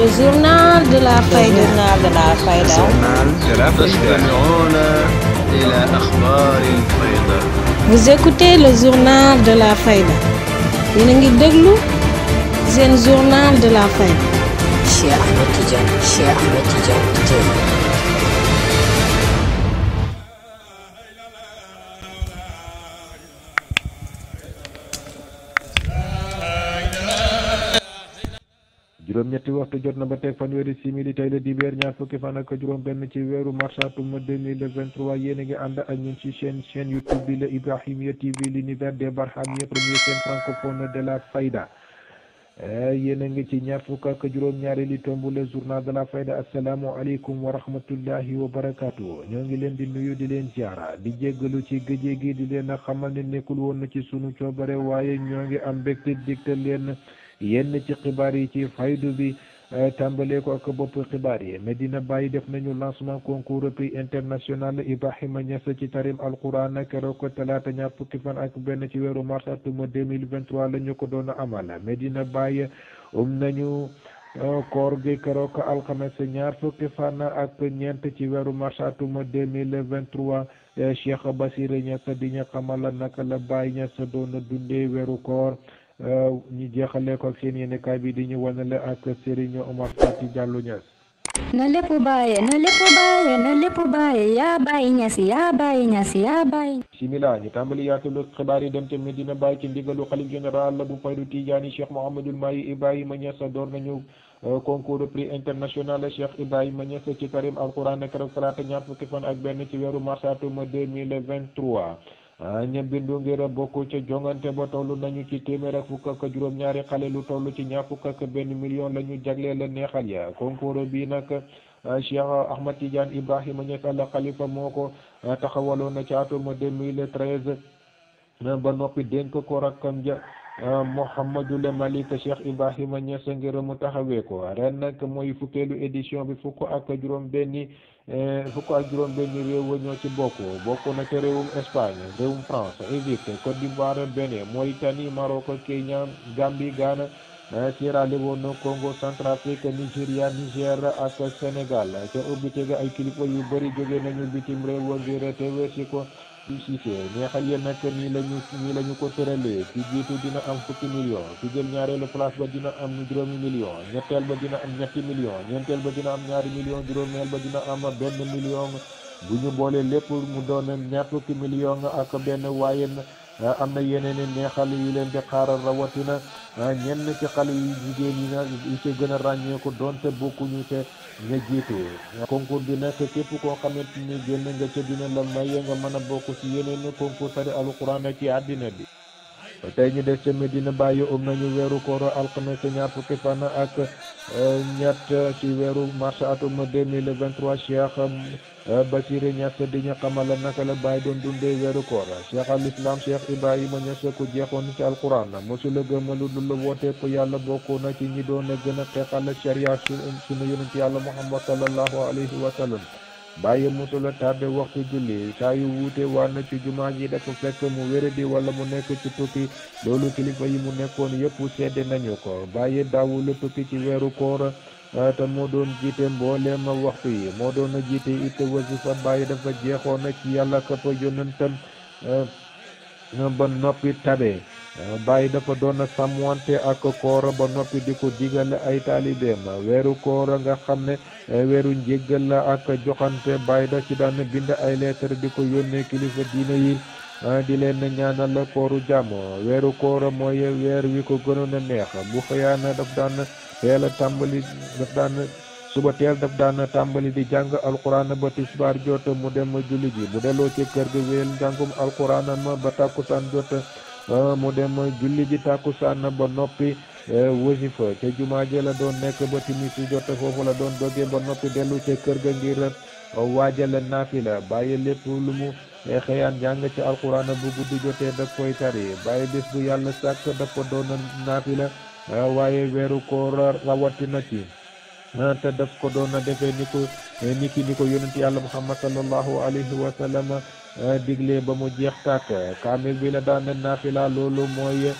Le journal de la Fayda. journal de la Fayda. journal de vous écoutez le journal de la Fayda. ngi déglu seen journal de la Fayda. juróom-ñetti waxtu jot na ba teg fanweeri simili tey la dibéer ñaar fukki fan ak juróom benn ci weeru mars atum 2023 yéen ngi ànd ak ñun ci chaîne chaîne YouTube bi la Ibrahimya TV l'univers des Barhamiens première chaîne francophone de la Fayda eh, yéen a ngi ci ñaar fukk ak juróom-ñaari li tomb le journal de la Fayda asalaamu aleykum wa rahmatullahi wa barakaatu ñoo ngi leen di nuyu di leen ziara di jéggalu ci gëjee gi di leen a xamal ne nekkul woon na ci sunu coobare waaye ñoo ngi am mbégte yenn ci xibaar yi ci faydu bi eh, tàmbalee ko ak bopp xibaar yi Medina bàyyi def nañu lancement concours prix international Ibrahima Niass ci tarim alquran keroog talaata ñaar fukki fan ak benn ci weeru mars atuma 2023 la ñu ko doon amal Medina Baye um nañu eh, koor gi keroog alxames ñaar fukki fan ak ñeent ci weeru mars atuma 2023 eh, Cheikh Basir Niass di ñu xamal naka la Baye Niass doon dundee weeru koor. ñu jeexalee ko ak seen yéenekaay bi di ñu wanale ak Serigne Omar Fati Diallo Niass na lépp bàyyi na lépp bàyyi na lépp bàyyi yaa bàyyi ñas yaa bàyyi ñas yaa bàyyi simila ñu tàmbali yaatalu xibaar yi dem te Medina Baye ci ndigalu xalif général bu Faydu Tijaani Cheikh Mouhamadul Mahi Ibrahima Niass door nañu concours prix international Cheikh Ibrahima Niass ci karim alquran ak keroog salaata ñaar fukki fan ak benn ci weeru mars atum 2023 Ah, ña bindu ngir ca jongante ba toll nañu ci téeméer ak fukk ak juróom-ñaari xale lu toll ci ñaar fukk ak benn million la ñu jagleel la neexal ya concours bi nag ah, Cheikh Ahmad Tidiane Ibrahima Niass Al Khalifa moo ko ah, taxawaloon na ci atum 2013 ba noppi dénk ko rakkam ja Ah, Mouhamadul Malick Cheikh Ibrahima Niass ngir mu taxawee ko ren nag mooy fukkeelu édition bi fukk ak juróom-benni eh, fukk ak juróom-benni réew ñoo ci bokk bokk na ca réewum Espagne réewum France Égypte Côte d'Ivoire Bénin Mauritanie Maroc Kenya Gambie Ghana eh, Sierra Leone Congo Centrafrique Nigéria Niger ak Sénégal ca ubbite ga ay kilifa yu bëri jóge nañu bitim réew ngir teewe si ko. Cissé neexal yéen nag nii lañu ko tëralee ci jiitu dina am fukki million ci jël ñaareelu place ba dina am juróomi million ñetteel ba dina am ñetti million ñeenteel ba dina am ñaari million juróomeel ba dina am benn million bu ñu boolee lépp mu doon ñaar fukki million ak benn waaye am na yeneen neexal yu leen di xaaral rawatina Ah, ñenn ci xale yi jigéen yi nga yu ci gën a ràññeeku doonte bokkuñu te nga jiitu concours bi nag képp koo xamante ni génn nga ca dina la maye nga mën a bokk ci yeneen concours tari alquran ci àddina bi tey ñu def ca Medina Baye um nañu weeru koor alxames ñaar fukki fan ak eh, ñett ci weeru mars atum 2023 Cheikh eh, Basir Ñas di ñu xamal naka la bàyyi doon dundee weeru koor Cheikh al Islam Cheikh Ibrahima Ñas ku jeexoon ci alquran mosula gëm lu dul woote ko yàlla bokk na ci ñi doon gën a xeexal sharia sunu yonent yàlla Muhammad sallallahu alayhi wa sallam bàyyi a tàbbe waxtu julli saa yu wuute waan na ci jumaa ji dafa fekk mu wéradi wala mu nekk ci tukki loolu kilifa yi mu nekkoon yëpp sedde nañu ko bàyyi daawula tukki ci weeru koor ah, te moo doon jiite mbooleem waxtu yi moo doon jiite it wasifa bàyyi dafa jeexoon na ci yàlla ka fa yonentam ah, ba noppi tabe Baay dafa doon sàmmante ak koor ba noppi di ko digal ay taalibeem weeru koor nga xam ne weeru njéggal la ak joxante Baay da ci daan bind ay lettre di ko yónnee kilifa diine yi di leen ñaanal kooru jàmm weeru koor mooy weer wi ko gënoon a neex bu xëyaan daf daan teel tàmbali daf daan suba teel daf daan tàmbali di jàng alxuraan ba tisbaar jot mu dem julli ji bu delloo ci kër gi wéyal njàngum alxuraanam ba tàkkusaan jot mu dem julli ji tàkkusaan ba noppi eh, wasifa ca jumaa ja la doon nekk ba timis jot foofu la doon doge ba noppi dellu ca kër ga ngir eh, waajal naafila bàyyi lépp lu mu eh, xëyaan jàng ci alquran bu guddi jotee daf koy tari bàyyi bés bu yàlla sàkk daf ko doon naafila waaye weeru koor rawatina ci Ah, te daf ko doon defee ni ko eh, nit ki ni ko yonent yàlla muhammad sallallahu alayhi wa sallam ah, digle ba mu jeex tàkk kaamil bi la daan naafila loolu mooy eh,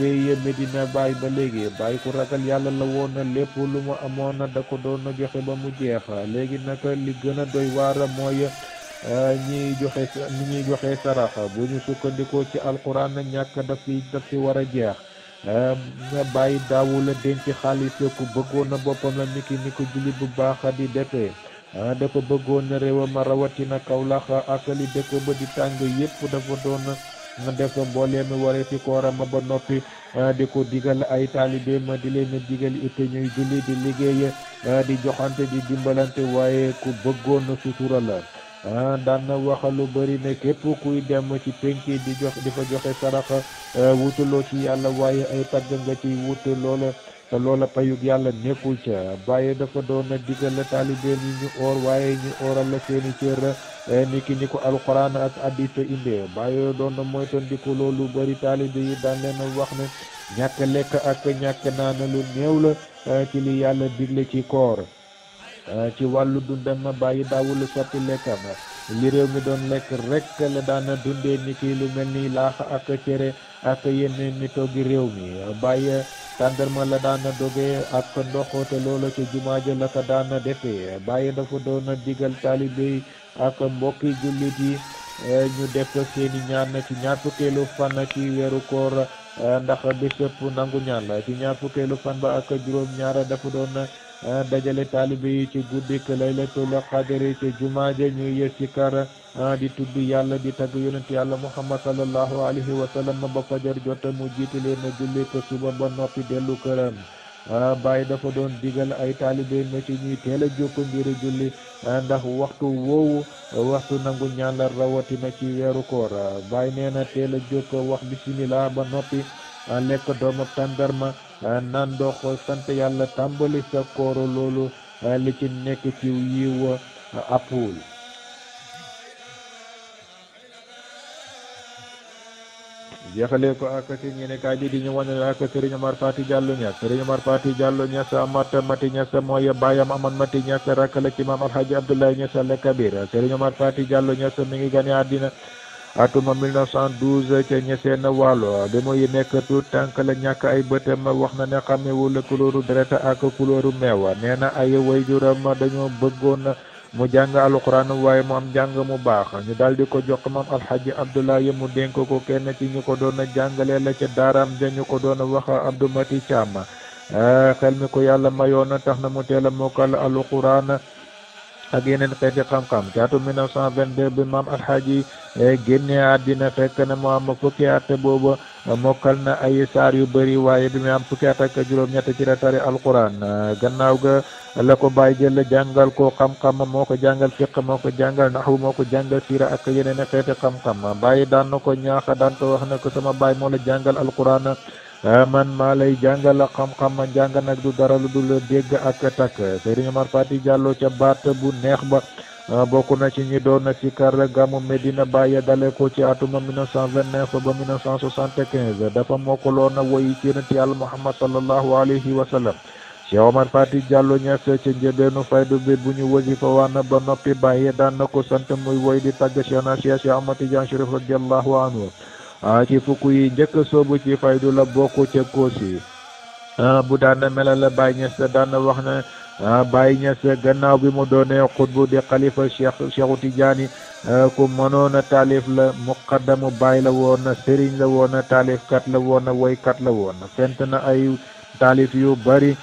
wéy Medina Baay ba léegi Baay ku ragal yàlla la woon lépp lu mu amoon da ko doon joxe ba mu jeex léegi nag li gën a doy waar mooy ah, ñi joxe ni ñuy joxe sarax bu ñu sukkandikoo ci alquran ñàkk daf fi daf war a jeex nga bàyyi daawu la denc xaalis la ku bëggoon na boppam la niki ni ko jullit bu baax di defee ah, dafa bëggoon na réewam rawatina Kaolack ak li dëkk ba di tàng yépp dafa doon def mbooleem waree fi kooram ba noppi ah, di ko digal ay taalibeem di leen digal it ñuy julli di liggéey ah, di joxante di dimbalante waaye ku bëggoon na sutura la Ah, daan na wax lu bëri ne képp kuy dem ci penk di jox di fa joxe sarax eh, wutuloo ci yàlla waaye ay padd nga ci wut loola te loola payug yàlla nekkul ca Baye dafa doon digal taalibeen yi ñu oor waaye ñu ooral seeni cër eh, ni ki ni ko alxuraan ak hadiis indee Baye doon moytandiku loolu bëri taalibe yi daan leen wax na ñàkk lekk ak ñàkk naan lu néew la eh, ci li yàlla digle ci koor Euh, ci wàllu dundam bàyyi daawul sotti lekkam li réew mi doon lekk rek la daana dundee ni ki lu mel ni laax ak cere ak yenn ni toggi réew mi bàyyi tàndarma la daana doge ak ndox te loola ci jumaa ja la ko daana defee bàyyi dafa doon digal taalibe yi ak mbokki jullit yi euh, ñu def seeni ñaan ci ñaar fukkeelu fan ci weeru koor euh, ndax bésëpp nangu ñaan la ci ñaar fukkeelu fan ba ak juróom ñaara dafa doon Eh, dajale taalibe yi ci guddik laylatul qadri ci jumaa ja ñuy sikar eh, di tudd yàlla di tagg yonent yàlla muhammad sallallahu alayhi wa sallam ba fajar jot mu jiite leen julli ko suba ba noppi dellu këram eh, Baay dafa doon digal ay taalibe na ci ñuy teel a ngir julli ndax waxtu woowu waxtu nangu ñaan la rawatina ci weeru koor Baay nee na teel a wax bismillah ba noppi lekk doomu tàndarma nan doo ko sant yàlla tàmbali sa kooro loolu eh, li ci nekk ci yiw apul eh, jeexalee ko ak ci ñeneen kaay bi di ñu wane ak Serigne Omar Fati Diallo Niass Serigne Omar Fati Diallo Niass Amat Mati Niass mooy baayam amoon Mati Niass rakk la ci maam Alhaji Abdoulaye Niass al Kabir Serigne Omar Fati Diallo Niass mi ngi gane àddina atum 1912 ca ñeseen wàllo bi muy nekk tuut tànk la ñàkk ay bëtam wax na ne xamewul kulóoru deret ak kulóoru meew nee na ay wayjuram dañoo bëggoon mu jàng alxuraan waaye mu am jàng mu baax ñu daal di ko jox maam alxaaji Abdoulaye mu dénk ko kenn ci ñu ko doon jàngale la ca daaram ja ko doon wax Abdou Mati Thiam xel mi ko yàlla mayoon tax na mu teel a alxuraan ak yeneen xeeti xam-xam ci atum 1922 bi maam alxaaji e, génne àddina fekk na mu am fukki at boobu e, mokkal na ay saar yu bëri waaye bi mu am fukki at ak juróom-ñett ci la tari e, gannaaw ga la ko bàyyi jël jàngal ko xam-xam moo ko jàngal fiq moo ko jàngal naxu moo ko jàngal siira ak yeneen xeeti xam-xam bàyyi daan na ko ñaax daan ko wax na ko sama baay moo la jàngal alquran Ah, man maa lay jàngal xam-xam ma jàng nag du dara lu dul dégg ak takk Serigne Omar Fati Diallo ca baat bu neex ba ah, bokk na ci ñi doon sikar gàmmu Medina Baye dale ko ci atuma 1929 ba 1975 dafa mokkaloon woy ci yonent Yàlla Muhammad sallallahu alayhi wa sallam Cheikh Omar Fati Diallo Niass ca njëbeenu faydu bi bu ñu wasifa waan ba noppi bàyyee daan na ko sant muy woy di tàgg Cheikh na Cheikh Ahmad Tidiane Chérif radiyallahu anhu ci fukk yi njëkk soobu ci faydu la bokk ca koosi bu daan melal la Baye Niass daan wax ne Baye Niass gannaaw bi mu doonee xutbu di xalifa Cheikh Cheikhu Tidiane ku mënoon a taalif la muqaddamu Baye la woon sëriñ la woon taalifkat la woon woykat la woon fent na ay taalif yu bari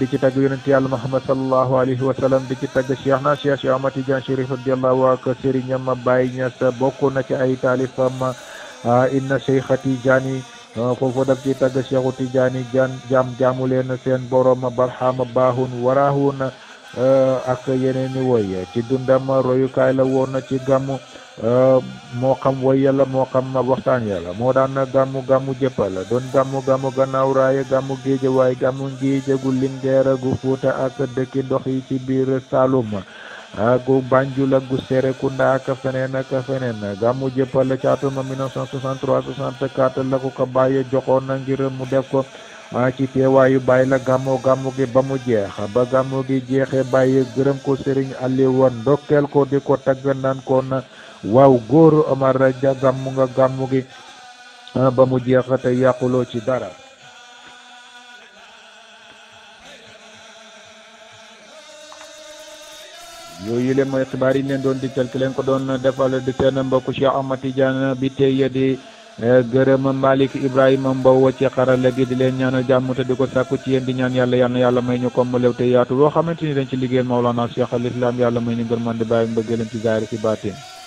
di ci tagg yonent yàlla Muhammad sallallahu alayhi wa di ci tagg Cheikh na Cheikh Cheikh Ahmad Tidiane Chérif radiyallahu ak sëriñam Baye Niass bokk na ci ay taalifam inna cheikha tijaani foofu daf ci tagg cheikhu tijaani jaan jaam jaamu leen seen borom barhama baahun waraahun ak yeneen i woy ci dundam royukaay la woon ci gàmmu moo xam woy la moo xam waxtaan yàlla moo daan gàmmu gàmmu jëppal doon gàmmu gàmmu gannaaw raaya gàmmu géejawaay gàmmu ngiije gu lingeer gu fuuta ak dëkki dox yi ci biir Saalum gu Banjul ak gu Serekunda ak feneen ak feneen gàmmu jëppal ci atum 1963 la ko ko bàyyi joxoon na ngir mu def ko ah, ci teewaayu bàyyi la gàmmu gàmmu gi ba mu jeex ba gàmmu gi jeexee bàyyi gërëm ko Serigne Aliou ndokkeel ko di ko tagg naan ko na waaw góor Omar ja gàmmu nga gàmmu gi ah, ba mu jeex te yàquloo ci dara. yooyu yi leen mooy xibaar yi leen doon digtal ki leen ko doon defal di seen mbokk Cheikh Ahmad Tidiane bi tey di eh, gërëm Malick Ibrahima Mbow ci xarala gi di leen ñaanal jàmm te di ko sàkku ci yéen di ñaan yàlla yal na yàlla may ñu ko mbalew te yaatu loo xamante ni dañ ci liggéeyal Mawlana Cheikh al Islam yàlla may ñu gërmande bàyyi mbëggeelam ci zaahir ci baatin